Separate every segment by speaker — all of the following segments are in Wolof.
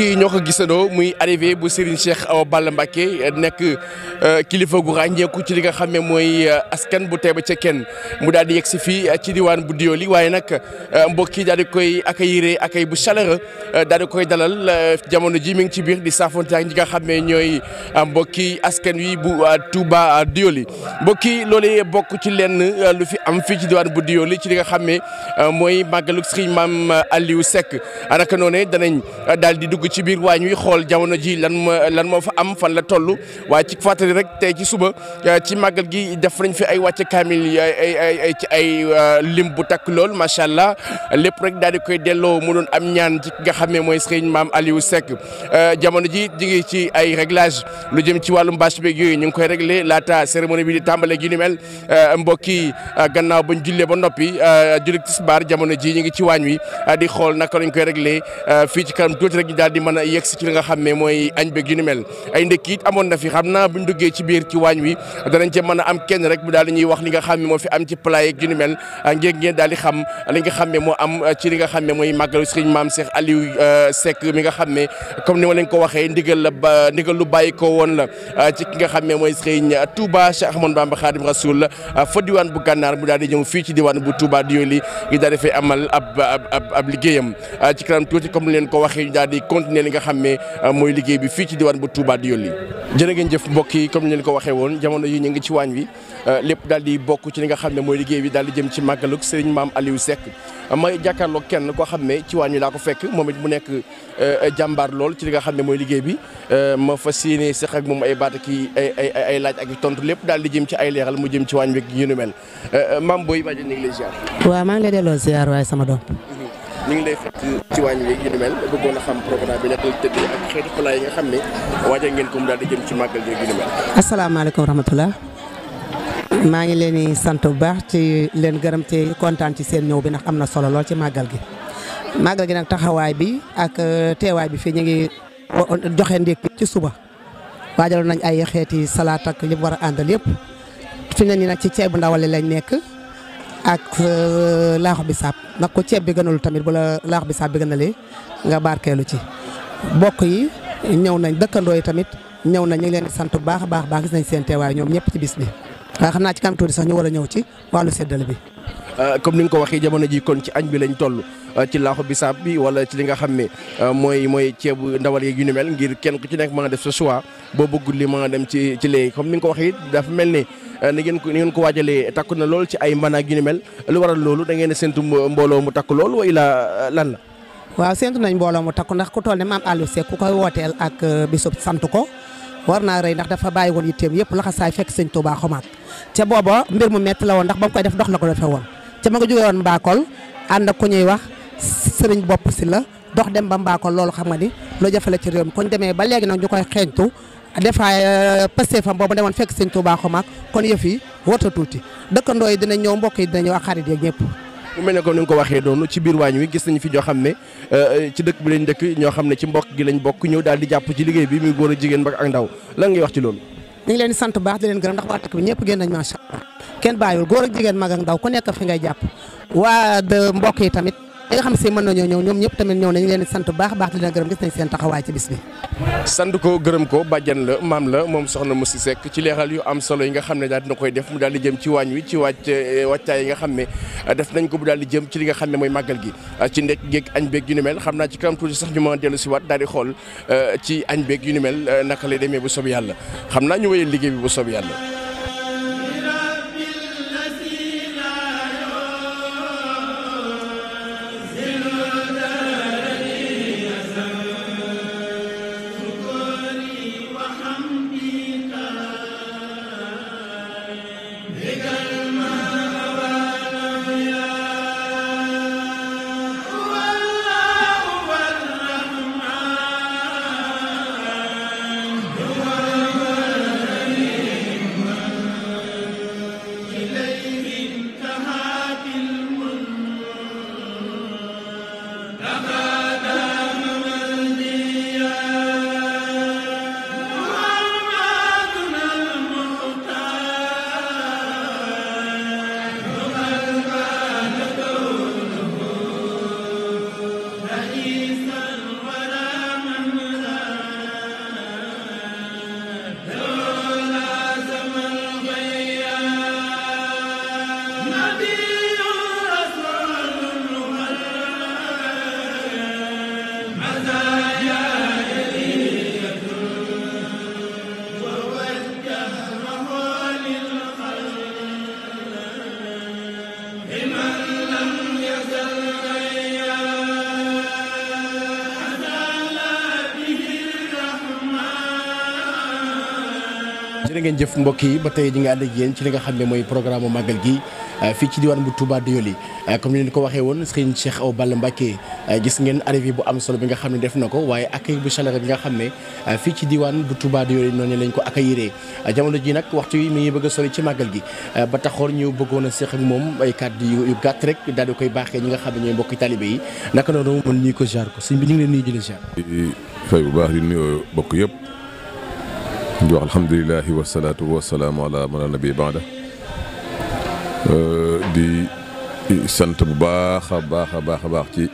Speaker 1: yi ñoo ko gisandoo muy arrivé bu Serigne Cheikh Awa Balla Mbacké nekk euh, kilifa gu ràññeeku ci li nga xam ne mooy euh, askan bu Taïba Cekkeen mu daal di yegg si fii euh, ci diwaan bu Diyoli waaye nag mbokk yi daal di koy accueillir accueil bu chaleureux daal di koy dalal jamono ji mi ngi ci biir di saafonte ak ñi nga xam ne ñooy mbokki askan wi bu Touba Diyoli mbokk yi loolu bokk ci lenn lu fi am fii ci diwaan bu Diyoli ci li nga xam ne mooy màggalu Serigne Mame Aliou Seck naka noonu danañ daal di dugg ci biir waañ wi xool jamono ji lan moo lan moo fa am fan la toll waaye ci fàttali rek tey ci suba euh, ci màggal gi def nañ fi ay wàcce kaamil ay ay ci ay euh, lim bu takk lool macha allah lépp rek daal di koy delloo mu doon am ñaan ci ki nga xam ne mooy sëriñ maam Aliou Seck euh, jamono ji ñu ci ay réglage lu jëm ci wàllum bâche beeg yooyu ñu ngi koy réglé laata cérémonie bi di tàmbale gi ni mel mbokk yi gannaaw bañ jullee ba noppi jullit tisbaar jamono ji ñu ngi ci waañ wi di xool naka lañ koy réglé rek ñu daal di mën a ci nga xam ne mooy añ beeg yu ay ndekki amoon na fi xam naa buñ duggee ci biir ci waañ wi danañ ci a am kenn rek bu daal di ñuy wax li nga xam ne moo fi am ci plat yeeg yu ni ah, daal di xam ah, li nga xam ne moo am ah, ci li nga xam ne mooy màggalu Serigne Maam Cheikh Aliou Seck mi nga xam ne comme ni ma leen ko waxee ndigal la ba ndigal lu bàyyi ko woon la ci ki nga xam ne mooy Serigne Touba Cheikh Ahmadou Bamba Khadim Rasoul fa diwaan bu gànnaar mu daal di fii ci diwaan bu Touba Dioli gi daal di fay amal ab ab ab liggéeyam ci kanam tuuti comme ni leen ko waxee daal di continuer li nga xam ne euh, mooy liggéey bi fii ci diwaan bu Touba di Yolli jërë ngeen jëf mbokk yi comme ni leen euh, li nga xam ne mooy liggéey bi daal di jëm ci màggalug Serigne Maam Aliou Seck may jàkkaarloog kenn koo xam ne ci waañ wi laa fekk moom mu nekk euh, jàmbaar lool ci li nga xam ne mooy liggéey bi ma fas yéene sax ak moom ay baat ak ay laaj ak i tontu lépp daal di jëm ci ay leeral mu jëm ci waañ wi yu nu mel maam booy maa ngi lay ziar.
Speaker 2: waaw maa ngi lay delloo ziar waaye sama doom
Speaker 1: ñu ngi nga xam ne waajal ngeen ko mu daal di jëm ci màggal yeeg yu ni mel.
Speaker 2: asalaamaaleykum maa ngi leen sant bu baax ci leen gërëm kontaan ci seen ñëw bi ndax am na solo lool ci màggal gi. màggal gi nag taxawaay bi ak euh, teewaay bi fi ñu ngi joxe ndékki ci suba waajaloon nañ ay xeeti salaat ak li war a àndal yëpp fi ñu ne nii nag ci ceebu ndawale lañ nekk. ak euh, laaxu bisaab nag ko ceeb bi gënalul tamit bu la laaxu bisaab bi gënalee nga baar barkeelu ci bokk yi ñëw nañ dëkkandoo yi tamit ñëw nañ ñu ngi leen sant bu baax a baax baax gis nañ seen teewaay ñoom ñëpp ci bis bi waaye xam naa ci kanam tuuti sax ñu war a ñëw ci wàllu seddale bi
Speaker 1: euh, comme ni nga ko waxee jamono ji kon ci añ bi lañ toll euh, ci laaxu bisaab bi wala ci li nga xam ne mooy mooy ceebu ndawal yeeg yu ni mel ngir kenn ku ci nekk mën a def sa choix boo li mën dem ci ci léegi comme ni nga ko waxee dafa mel ni Eh, ni ngeen ko ngeen ko waajalee takku na loolu ci ay mën ak yu ni mel lu waral loolu da ngeen a séntu mbooloo mu takku lool wala lan la.
Speaker 2: waaw séntu nañ mbooloo mu takku ndax ku toll ne maam Aliou Seck ku koy wooteel ak eh, bisub sant ko war naa rey ndax dafa bàyyi woon yitteem yëpp laxasaay fekk sëñ Touba xomaat ca booba mbir mu metti la woon ndax ba mu koy def dox la ko defe woon ca ma nga jógee woon Mbakol ànd ak ku ñuy wax sëriñ bopp si la dox dem ba Mbakol loolu xam nga ni lu jafale ci réew mi kon demee ba léegi nag ñu koy xeeñtu des fois euh, pëste fam boobu demoon fekk sëñ Touba Xomaak kon yëf yi warta tuuti dëkkandoo yi dina ñëw mbokk yi dina ñëw ak xarit yeeg ñëpp
Speaker 1: mu mel ko waxee noonu ci biir waañ wi gis ñoo xam ne euh, ci dëkk bi lañ dëkk ñoo xam ne ci mbokk gi lañ bokk ñëw daal di jàpp ci liggéey bi muy góor a jigéen mag ak ndaw lan ngay wax ci loolu
Speaker 2: ñu leen sant baax di leen gërëm ndax waa dëkk bi ñëpp génn nañ macha allah kenn bàyyiwul góor ak jigéen mag ak ndaw ku nekk fi ngay jàpp waa mbokk yi tamit ñi nga xam si mën na ñoo ñoom ñëpp tamit ñëw nañ leen sant baax baax dina gërëm gis nañ seen taxawaay ci bis bi
Speaker 1: sant ko gërëm ko bàjjan la maam la moom soxna mu si sekk ci leeral yu am solo yi nga xam ne daal dina koy def mu daal di jëm ci waañ wi ci wàcc eh, wàccaay yi nga xam ne eh, def nañ ko bu daal di jëm ci li nga xam ne mooy màggal gi ah, ci ndek géeg añ beeg yu ni mel xam naa ci kanam tuuti sax ñu mën dellu si waat daal di xool eh, ci añ beeg yu ni mel naka lay demee bu soobee yàlla xam naa ñu wéyal liggéey bu soobee yàlla Rama jërë ngeen jëf mbokk yi ba tey di nga ànd ak yéen ci li nga xam ne mooy programme màggal gi eh, fii ci diwaan bu Touba Doyoli eh, comme ni ko waxee woon Serigne Cheikh Awa Balla Mbacké eh, gis ngeen arrivé bu am solo bi nga xam ne def na ko waaye accueil bu chaleureux bi nga xam ne fii ci diwaan bu Touba Doyoli noonu lañ ko accueillir jamono ji nag waxtu yi mi ngi bëgg a ci màggal gi ba taxoon ñu bëggoon a seq ak moom ay kàddu rek daal di koy baaxee ñi nga xam ne ñooy mbokki talibé yi naka noonu mën nuyu ko jaar ko sëñ bi ñu ngi leen nuyu di la jaar
Speaker 3: fay bu baax di nuyoo bokk yëpp di wax alhamdulilahi wasalaatu wasalaamu ala man nabi baada euh, di sant bu baax a baax a baax a baax ci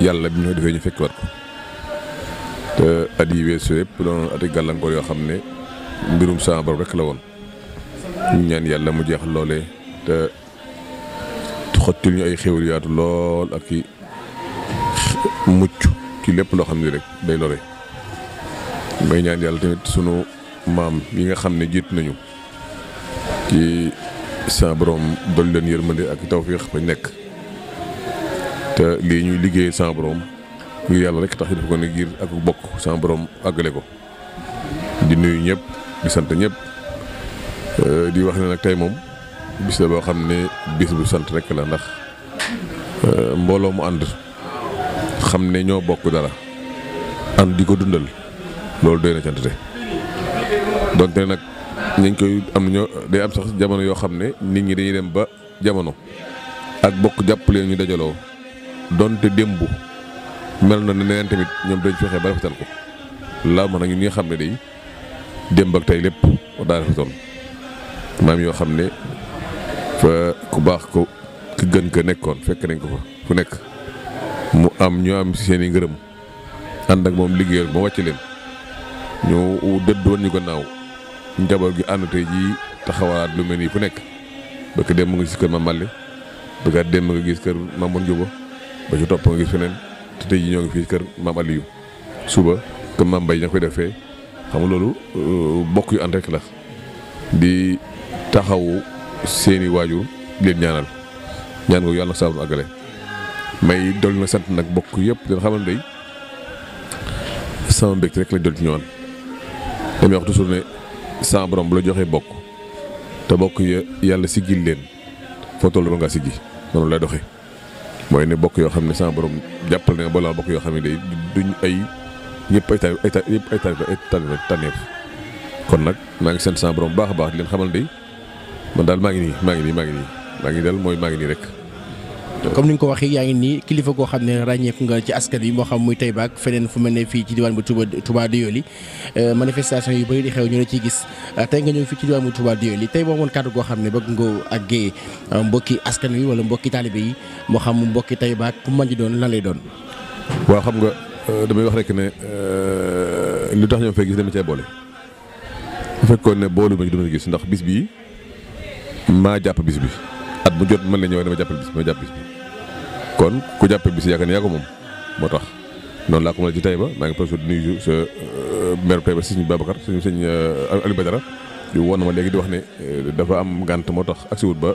Speaker 3: yàlla bi ñu defee ñu fekkiwaat ko te at yi weesu yëpp doon ati gàllankoor yoo xam ne mbirum sama borom rek la woon ñu ñaan yàlla mu jeexal loolee te xottil ñu ay xéwal yaatu lool ak i mucc ci lépp loo xam ne rek day lore may ñaan yàlla tamit sunu maam yi nga xam ne jiit nañu ci sa borom dool leen yërmande ak tawféex fañ nekk te lii ñuy liggéey sa borom ngir yàlla rek tax ñu ko ne ngir ak bokk sa boroom àggale ko di nuyu ñëpp di sant ñëpp euh, di wax ne nag tey moom bis la boo xam ne bis bu sant rekk la ndax euh, mbooloo mu ànd xam ne ñoo bokk dara ànd di ko dundal loolu doy na cant donte nag ñu koy am ñoo day am sax jamono yoo xam ne nit ñi dañuy dem ba jamono ak bokk jàppalee ñu dajaloo donte démb mel na ne neneen tamit ñoom dañ fexe ba rafetal ko laa mën a ñu ñi xam ne day démb ak tey lépp daa rafetoon maam yoo xam ne fa ku baax ko ki gën ko nekkoon fekk nañ ko fa fu nekk mu am ñu am seen i ngërëm ànd ak moom liggéeyal ma wàcc leen ñu dëdd woon ñu ko naaw njaboot gi ànd tey jii taxawalaat lu mel nii fu nekk bëgg dem mu ngi gis kër ma Mali bëgg dem nga gis kër ma Mon Juba ba ci topp nga gis feneen te tey jii ñoo ngi fii kër maam yu suba kër maam Mbaye ña koy defee xam nga loolu euh, bokk yu ànd rek la di taxawu seeni waajur leen ñaanal ñaan ko yàlla na saabu àggale may dolli na sant nag bokk yëpp dina xamal day sama mbégte rek la jot ci ñëwaan damay wax toujours ne sa borom bu la joxee bokk te bokk yàlla siggil leen foo toll ba ngaa siggi noonu lay doxee mooy ne bokk yoo xam ne sa borom jàppal na balaa bokk yoo xam ne day duñ ay ñëpp ay taal ñëpp ay tànneef kon nag maa ngi seen sa borom bu baax a baax di leen xamal de man daal maa ngi nii maa ngi nii maa ngi nii maa ngi daal mooy maa ngi nii rek.
Speaker 1: comme ni nga ko waxee yaa ngi nii kilifa goo xam ne ràññeeku nga ci askan wi moo xam muy Taïba ak feneen fu mel ne fii ci diwaan bu Touba Touba Doyoli euh, manifestation yu bëri di xew ñu la ciy gis euh, tey nga ñëw fii ci diwaan bu Touba Doyoli tey boo moon kàddu goo xam ne bëgg nga àggee euh, mbokki askan wi wala mbokki taalibe yi moo xam mbokki Taïba ku mën di doon lan lay doon
Speaker 3: waaw xam nga damay wax rek ne lu tax ñoom fay gis dama cee boole bu fekkoon ne boolu ma dama gis ndax bis bi maa jàpp bis bi at mu jot man na ñëw dama bi ma jàpp bis bi kon ku jàppe bis yaakaar ne yaa ko moom moo tax noonu laa ko mën a ci Taïba maa ngi profité di nuyu sa euh, maire Taïba sëñ Babacar sëñ sëñ euh, Aliou Badara yu woon na ma léegi di wax ne euh, dafa am ngant moo tax ak si wut ba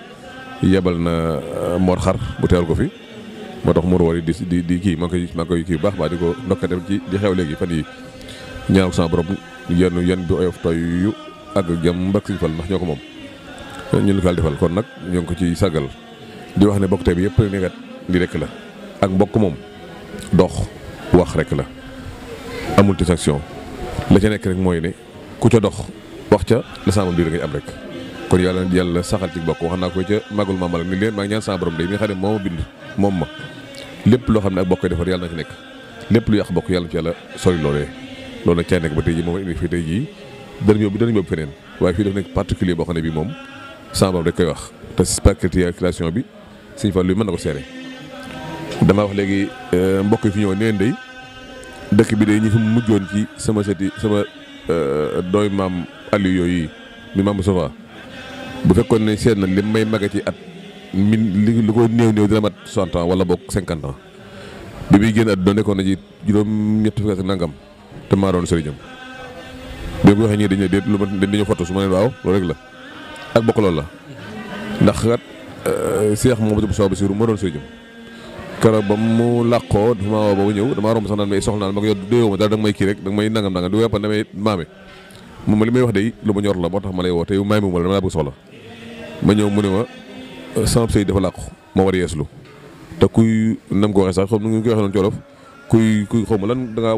Speaker 3: yebal na Mor Xar bu teewal ko fi moo tax Mor wari di di kii maa ngi koy maa ngi koy kii bu baax baax di ko ndokkee ci di xew léegi fan yi ñaanal ko sama borom yenn yenn bi oyof toy yu àgg jàmm mbak siñu fal ndax ñoo ko moom ñun la ko defal kon nag ñoo ko ci sàggal di wax ne bokk bi yëpp li rek la ak mbokk moom dox wax rek la amul distraction la ca nekk rek mooy ne ku ca dox wax ca la sama biir ngay am rek kon yàlla na saxal ci bokk wax naa ko ca màggul ma malak ni leen maa ngi ñaan sama borom day mi nga xam ne moo ma bind moom ma lépp loo xam ne ak bokk koy defar yàlla na ci nekk lépp lu yàq bokk yàlla ci yàlla sori loolee loolu nag cay nekk ba tey jii moom indi fii tey jii danañ yóbbu danañ yóbbu feneen waaye fii dafa nekk particulier boo xam ne bii moom sama borom koy wax te spectaculation bi Sëñ Fallu mën na ko seere dama wax léegi euh, mbokk yi fi ñëw neen day dëkk bi day ñi fi mujjoon ci sama seti sama euh, dooy maam Aliou yooyu mi maam Moustapha bu fekkoon ne seet na li may màgg yi at min li lu ko néew néew dina mat soixante wala boog cinquante bi muy génn nekkoon na ci juróom ñetti fukki at nangam te maa doon sëriñam bi mu waxee ñii dañu ne déet lu ma dañu foto su la ak bokk la ndax kat seex moom bu soo moo doon sëriñam keroog ba mu làqoo dafa maa woo ba mu ñëw damaa romb sax naan mais soxla ma ko yor da may kii rek da nga may nangam nangam du weppan damay maame moom li may wax day lu ma ñor la moo tax ma lay woo te maame ma la dama laa bëgg soxla ma ñëw mu ne ma eh, sama sëy dafa làqu ma war te kuy nam ko sax xam nu ngi ko waxee noonu colof kuy kuy xaw ma lan ah,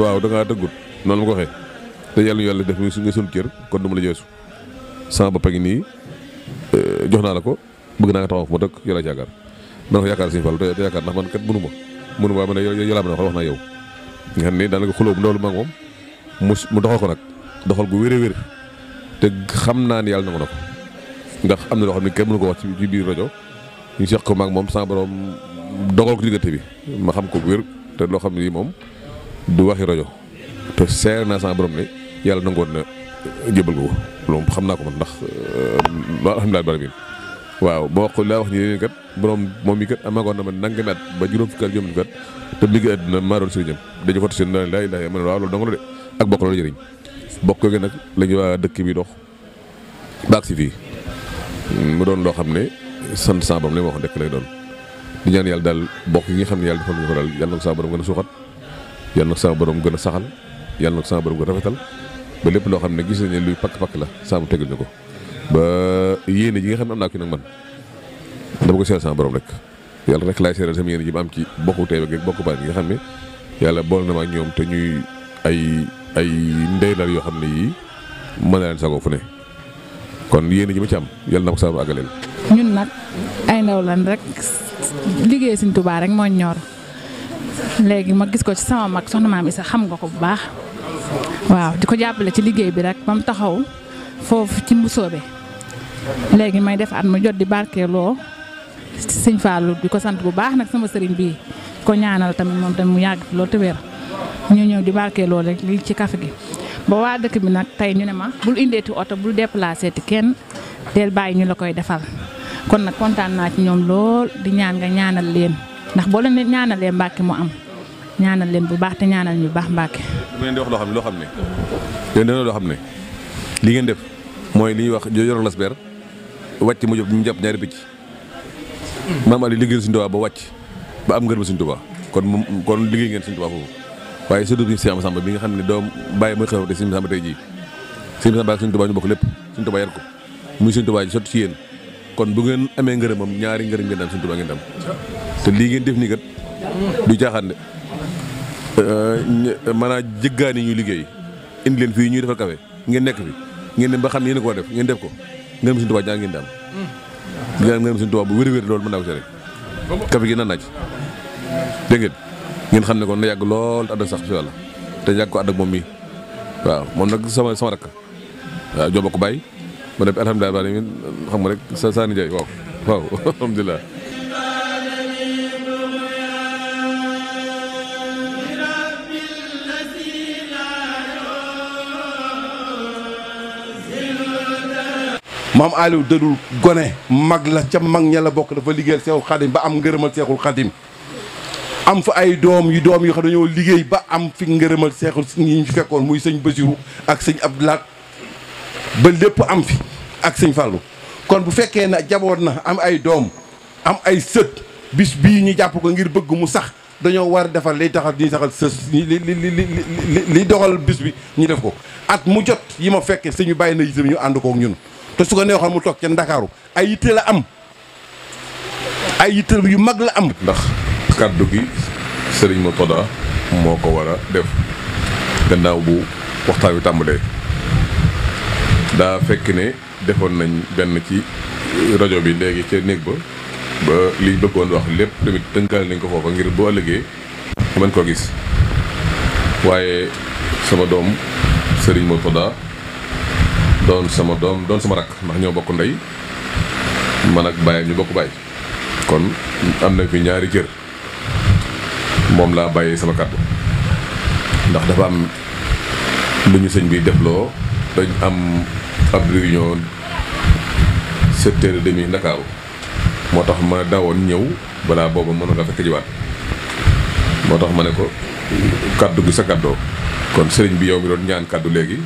Speaker 3: waaw da ngaa tëggut noonu ko waxee te def nga suñu kër kon du ma la yeesu sama bopp a ngi nii eh, jox naa la ko bëgg naa nga taxaw fu ma dëkk yàlla jàggar dana ko yaakaar Sëñ Fall te yaakaar ndax man kat mënu ma mënu ma ma ne a wax wax naa yow nga xam ne daanaka xulóobu mu mu ko nag doxal gu wér a wér te xam naa ne yàlla nangu na ko ndax am na loo xam ne kenn mënu ko wax ci biir rajo ñu seq ko maag moom sans borom dogal bi ma xam ko wér te loo xam moom du waxi rajo te seer naa sans borom yàlla nangoon na jébal ko ko loolu xam naa ko man ndax euh, alhamdulilah waaw ma wax ko laa wax ñu moom mi kat amagoon na ma nangami at ba juróom fukki at juróom kat te liggéey àdduna maa doon sëriñam dañu fottu seen daal laa ilaaha ma bokk la jëriñ bokk gi nag la ñu waa dëkk bi dox baag si fii doon loo xam ne sant sa borom wax ndekk lay doon di yàlla daal bokk yi xam ne yàlla defal nañu ko daal yàlla na ko sa borom gën gën a saxal yàlla na ko sa borom loo xam ne gis nañ ne luy pakk pakk la saabu tegal ñu ko ba yéene ji nga xam ne am naa ko nag man dama ko seet sama borom rek yàlla rek laay seeral sama yéene ji ma am ci bokku tey ak bokku baat yi nga xam ne yàlla boole na ma ak te ñuy ay ay ndeylal yoo xam ne yii mën na leen sagoo fu kon yéene ji ma ci am yàlla na ko sama àggaleel.
Speaker 4: ñun nag ay ndaw lan rek liggéey Sëñ Tuubaa rek moo ñor léegi ma gis ko ci sama mag soxna maam Isa xam nga ko bu baax waaw di ko jàppale ci liggéey bi rek ba mu taxaw. foofu ci Mbusoobe léegi may def at mu jot di barkeeloo sëñ Fallou di ko sant bu baax nag sama sëriñ bii ko ñaanal tamit moom tamit mu yàgg loolu te wér ñu ñëw di barkeeloo rek lii ci kafe gi. ba waa dëkk bi nag tey ñu ne ma bul indeeti oto bul laa seeti kenn del bàyyi ñu la koy defal kon nag kontaan naa ci ñoom lool di ñaan nga ñaanal leen ndax boo leen ñaanalee Mbàkke mu am ñaanal leen bu baax te ñaanal ñu baax Mbàkke.
Speaker 3: loo xam ne loo xam mooy li ñuy wax yor las beer wàcc mu jëpp ñu jàpp ñaari ma maam Aliou liggéeyal suñu Tuubaa ba wàcc ba am ngërëm suñu Tuubaa kon moom kon liggéey ngeen suñu Tuubaa foofu waaye surtout bi Sëñ Samba bi nga xam ne doom bàyyi muy xew te Sëñ Samba tey jii Sëñ Samba ak suñu Tuubaa ñu bokk lépp suñu Tuubaa yar ko muy suñu Tuubaa ji sotti yéen kon bu ngeen amee ngërëm moom ñaari ngërëm ngeen am suñu Tuubaa ngeen am te lii ngeen def nii kat du caaxaan de euh, maanaam jëggaani ñuy liggéey indi leen fii ñuy defal kafe ngeen nekk fi ngeen dem ba xam ne yéen koo def ngeen def ko ngërëm suñu tubaab jaa ngeen di am ngeen ngërëm suñu tubaab bu wér-wér loolu kafe gi nan naa ci dégg ngeen ngeen xam ne kon na yàgg lool te ànd sax si yàlla te yàgg ko ànd moom mi waaw moom nag sama sama rakk waaw joo bokk bàyyi ma def alhamdulilah xam nga rek sa saani jaay waaw waaw maam Aliou dadul gone mag la ca mag ña la bokk dafa liggéeyal seexul xadim ba am ngërëmal seexul xadim am fa ay doom yu doom yoo xam dañoo liggéey ba am fi ngërëmal seexul ñi fi fekkoon muy sëñ Basiru ak sëñ Abdulaat ba lépp am fi ak sëñ kon bu fekkee na jaboot na am ay doom am ay sët bis bii ñu jàpp ko ngir bëgg mu sax dañoo war defar liy tax di saxal sës li li li li doxal bis bi ñu def ko at mu jot yi ma fekkee sëñu bàyyi na itam ñu ànd kook ñun te su ko neexoon mu toog ca Ndakaaru ay yitte la am ay yitte yu mag la am. ndax kàddu gi Serigne Motoda moo ko war def gannaaw bu waxtaan wi tàmbalee daa fekk ne defoon nañ benn ci rajo bi léegi ca néeg ba ba liñ bëggoon wax lépp tamit tënkaale nañ ko foofa ngir boo ëllëgee mën koo gis waaye sama doom Serigne Motoda. doon sama doom doon sama rakk ndax ñoo bokk ndey man ak bàyyam ñu bokk baay kon am na fi ñaari cër moom laa bàyyee sama kàddu ndax dafa am lu ñu sëñ bi def loo dañ am ab réunion sept heures et demi ndakaaru moo tax ma dawoon ñëw balaa booba mënoon a fekk jiwaat moo tax ma ne ko kàddu gi sa kàddoo kon sëriñ bi yow mi doon ñaan kàddu léegi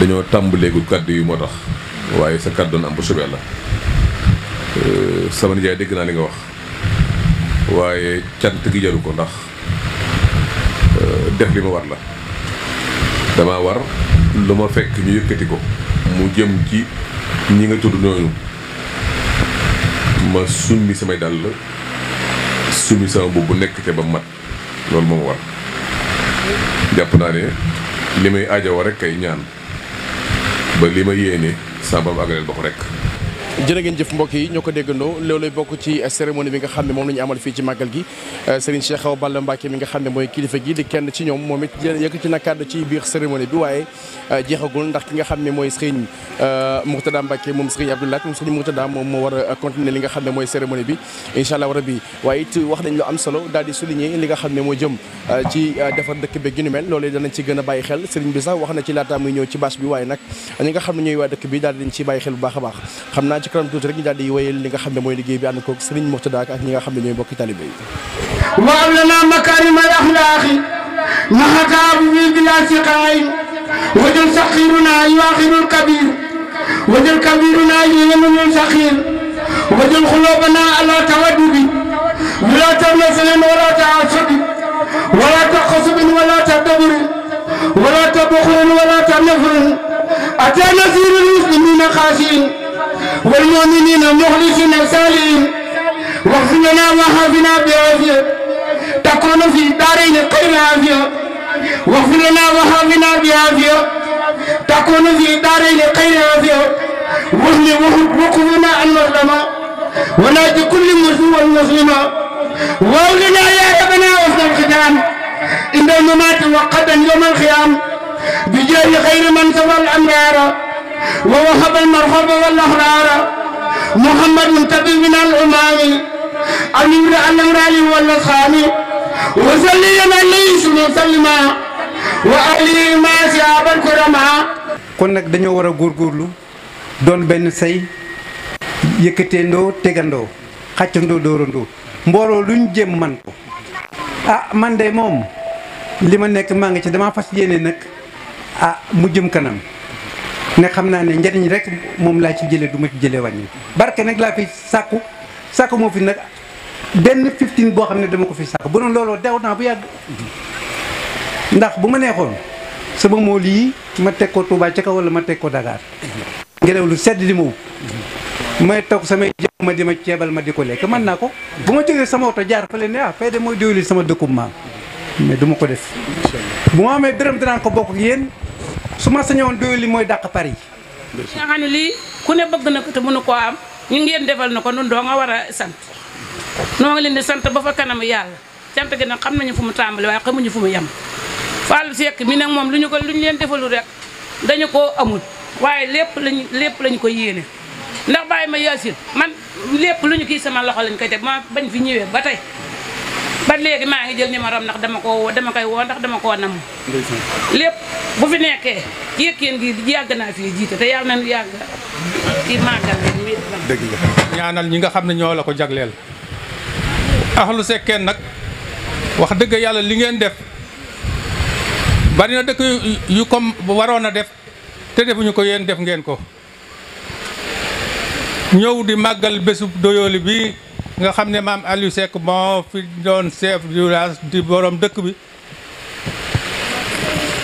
Speaker 3: dañoo tàmbaleegul kàddu yi moo tax waaye sa kàddu na am bu soobee la euh, sama nijaay dégg naa li nga wax waaye cant gi jaru ko ndax euh, def li ma war la dama war lu ma fekk ñu yëkkati ko mu jëm ci ñi nga tudd noonu ma summi samay dàll summi sama mbubb bu nekk ca ba mat loolu moom war jàpp naa ne li may aajowoo rek ay ñaan ba li ma yéene sa borom àggaleel ba ko rek
Speaker 1: jërë ngeen jëf mbokk yi ñoo ko déggandoo loolu bokk ci cérémonie bi nga xam ne moom la ñu amal fii ci màggal gi euh, Serigne Cheikh nga xam ne mooy kilifa gi kenn ci ñoom moom it yëkkati na kàddu ci biir cérémonie bi waaye euh, jeexagul ndax nga xam ne mooy Serigne euh, Mourtada Mbacke moom Serigne Abdoulaye moom Serigne Mourtada moom moo war a continuer li nga xam ne mooy cérémonie bi incha allah rabbi waaye it wax nañ lu am solo daal di souligner li nga xam ne moo jëm ci defar dëkk bi gi nu mel loolu danañ ci gën a bàyyi xel Serigne bi sax wax na ci laata muy ñëw ci bâche bi waaye nag ñi nga xam ne ñooy waa dëkk bi daal di ci bàyyi xel bu baax a baax ci kanam tuuti rek ñu daal di wéyal li nga xam ne mooy liggéey bi ànd koog Serigne Mourtada ak ñi nga xam ne ñooy mbokki talibé yi
Speaker 5: waam lanaa makaarimal wala taasubi wala taqasubin wala tadaburin wala tabuxurin wala tanafrin ataa nasiirul muslimina xaasiin والمؤمنين المخلصين الصالحين واغفرنا وحافنا بعافية تكون في دارين خير عافية واغفرنا وحافنا بعافية تكون في دارين خير عافية واهل وقفنا عن مظلمة ونادي كل مسلم ومسلمة واولنا يا ربنا وفد الختام عند الممات وقدا يوم الخيام بجاه خير من سوى الأمرار ووهب المرحب والأحرار محمد منتبه من الأمام أمير الأمرالي والأسخاني وسلي عليه وسلم وأهلي ما سياب الكرماء kon nag dañoo war a góorlu doon benn say yëkkateendoo tegandoo xàccandoo dóorandoo mbooloo luñ jëm man ko ah man de moom li ma nekk maa ngi ci damaa fas yéene nag ah mu jëm kanam ne xam naa ne njariñ rek moom laa ci jëlee du ma ci jëlee wàññi barke nag laa fi sàkku sàkku moo fi nag benn fifteen boo xam ne dama ko fi sàkku bu doon looloo dew naa bu yàgg ndax bu ma neexoon sama mool yi ma teg ko Touba ca kaw wala ma teg ko Dakar ngelaw lu sedd di ma wut may toog samay jëm ma di ma ceebal ma di ko lekk mën naa ko bu ma jógee sama oto jaar fële ne ah fay de mooy diwli sama dëkkub maam mais du ko def bu ma amee dërëm dinaa ko bokk ak su ma sañoon doyul li mooy dàq Paris.
Speaker 2: nga xam lii ku ne bëgg na ko te mënu koo am ñu ngeen defal na ko nun doo nga war a sant noo ngi leen di sant ba fa kanam yàlla sant gi nag xam nañu fu mu tàmbali waaye xamuñu fu mu yem. Fallou Seck mi nag moom lu ñu ko lu ñu leen defalu rek dañu koo amul waaye lépp lañu lépp lañu ko yéene ndax bàyyi ma yaasin man lépp lu ñu kii sama loxo lañ koy teg ma bañ fi ñëwee ba tey. ba léegi maa ngi jël numéro am ndax dama ko dama koy woo ndax dama koo nam lépp bu fi nekkee yëkkeen gi yàgg naa fi fii jiite te
Speaker 4: yàlla nañu yàgg kii màggal mi
Speaker 6: ñaanal ñi nga xam ne ñoo la ko jagleel ahlu sekkeen nag wax dëgg yàlla li ngeen def bari na dëkk yu comme waroon a def te defuñu ko yéen def ngeen ko ñëw di màggal bésub doyooli bi nga xam ne maam Aliou Seck moo fi doon chef du di boroom dëkk bi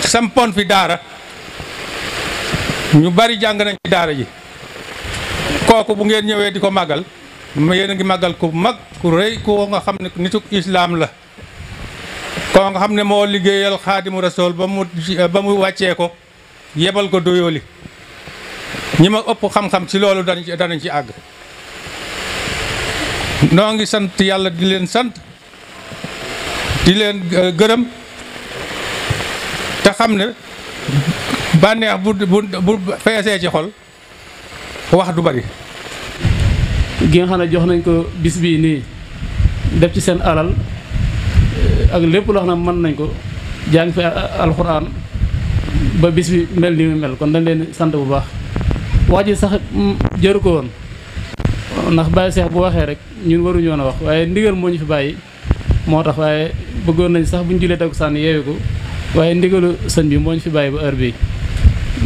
Speaker 6: sampoon fi daara ñu bari jàng nañ daara ji kooku bu ngeen ñëwee di ko màggal yéen a ngi màggal ku mag ku rëy koo nga xam ne nituk islaam la koo nga xam ne moo liggéeyal xaadimu rasool ba mu ba mu wàccee ko yebal ko doyooli ñi ma ëpp xam-xam ci loolu danañ ci àgg noo ngi sant yàlla di leen sant di leen euh, gërëm te xam ne bànneex bu bu feesee ci
Speaker 4: xol wax du bari gi xam ne jox nañ ko bis bii nii def ci seen alal euh, ak lépp loo xam ne mën nañ ko jàng fi alxuraan ba bis bi mel ni mu mel kon dañ leen sant bu baax wax ji sax mm, jëru ko woon ndax Baye Cheikh bu waxee rek ñun waruñu woon a wax waaye ndigal moo ñu fi bàyyi moo tax waaye bëggoon nañ sax buñ julee takkusaan yeewi ko waaye ndigalu sëñ bi moo ñu fi bàyyi ba heure bi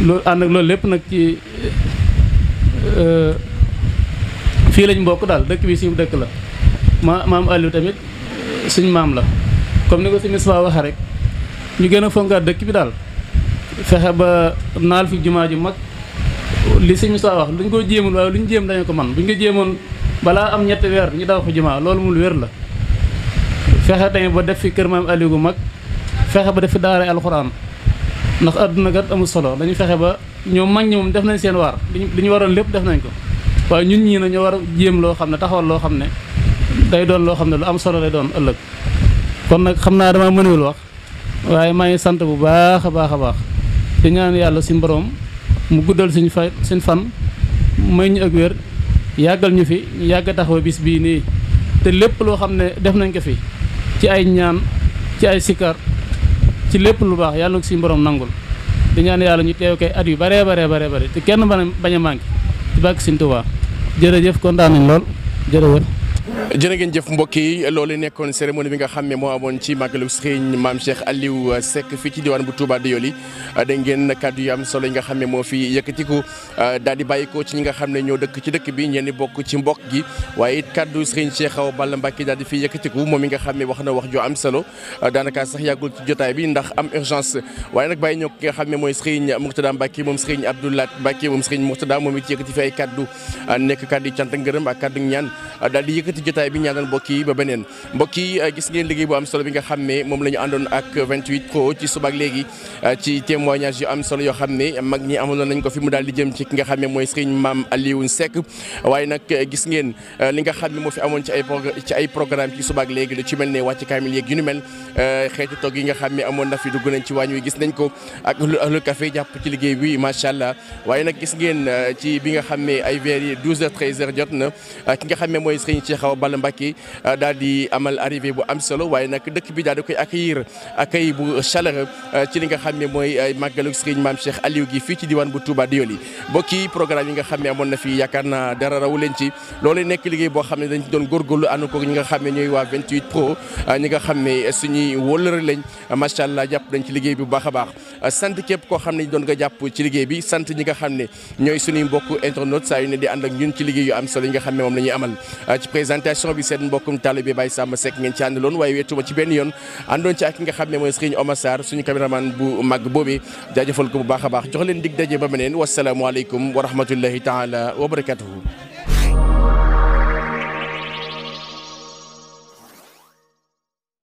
Speaker 4: loolu ànd ak loolu lépp nag ci euh, fii lañ mbokk daal dëkk bi suñu dëkk la ma maam Aliou tamit suñ maam la comme ni ko si misba waxee rek ñu gën a fonkaat dëkk bi daal fexe ba naal fi jumaa ju mag li si misba wax luñ ko jéemul waaye luñ jéem dañu ko man buñ ko jéemoon balaa am ñetti weer ñu daw ko jumaa loolu mul wér la fexe tamit ba def fi kër maam Aliou gu mag fexe ba def fi daara alxuraan ndax àdduna kat amul solo dañu fexe ba ñoo mag ñi moom def nañ seen waar li ñu waroon lépp def nañ ko waaye ñun ñii na ñu war jéem loo xam ne taxawal loo xam ne day doon loo xam ne lu am solo lay doon ëllëg kon nag xam naa dama mënewul wax waaye maa ngi sant bu baax a baax a baax di ñaan yàlla si mboroom mu guddal suñ fay suñ fan may ñu ak yàggal ñu fi ñu yàgg a taxaw bis bii nii te lépp loo xam ne def nañ ko fi ci ay ñaan ci ay sikar ci lépp lu baax yàlla na ko suñu borom nangul di yàlla ñu teew koy at yu baree baree baree bare te kenn bañ a manqué ci bàkk Sëñ Tuubaa jërëjëf kontaan nañ lool jërëwër
Speaker 1: jërë ngeen jëf mbokk yi loolu nekkoon cérémonie bi nga xam ne moo amoon ci màggalu Serigne Mame Cheikh Aliou Seck fii ci diwaan bu Touba Doyoli dégg ngeen am solo yi nga xam ne moo fi yëkkatiku daal di bàyyikoo ci nga xam ne ñoo dëkk ci dëkk bi ñenn bokk ci mbokk gi waaye it kàddu Serigne Cheikh Awa Balla Mbacké daal di fi yëkkatiku moom mi nga xam ne wax wax ju am solo daanaka sax yàggul ci jotaay bi ndax am urgence waaye nag bàyyi ñoo nga xam ne mooy Serigne Mourtada Mbacké moom Serigne Abdoulaye Mbacké moom Serigne Mourtada moom it yëkkati fi ay kàddu nekk kàddu cant ngërëm ak kàddu ñaan daal di yëkkati jotaay bi ñaanal mbokk ba beneen mbokk euh, gis ngeen liggéey bu am solo bi nga xam moom la àndoon ak ci subaak léegi euh, ci témoignage yu am solo yoo xam ne mag ñi amoon nañ ko fi mu daal di jëm ci ki nga xam mooy sëriñ euh, li nga xam ne moo fi ci ay ci ay programme ci subaak léegi lu ci mel ne wàcc kaamil yeeg yu ni mel bi macha allah waaye nag gis ngeen ci bi nga xam ne ay Balla Mbacké euh, daal di amal arrivé bu am solo waaye nag dëkk bi daal di koy accueillir accueil bu chaleureux euh, ci li nga xam ne mooy euh, màggalu Serigne Mame Cheikh Aliou gi fii ci diwaan bu Touba Dioli bokki programme yi nga xam ne amoon na fi yaakaar naa dara raw leen ci loolu nekk liggéey boo xam ne dañ doon góorgóorlu ànd ko ñi nga xam ne ñooy waa 28 pro suñuy wóllëre lañ macha allah jàpp dañ ci liggéey bi bu baax a baax sant képp koo xam ne doon nga jàpp ci liggéey bi sant ñi nga xam ne ñooy suñuy mbokk internautes saa yu ne di ànd ak ñun ci liggéey yu am solo yi nga xam ne moom la ñuy amal présentation bi seen mbokkum taalibe Baye Samba Seck ngeen ci àndaloon bu ko bu baax a baax jox leen dig daje ba meneen wasalaamualeykum wa rahmatullahi taala wa barakatuhu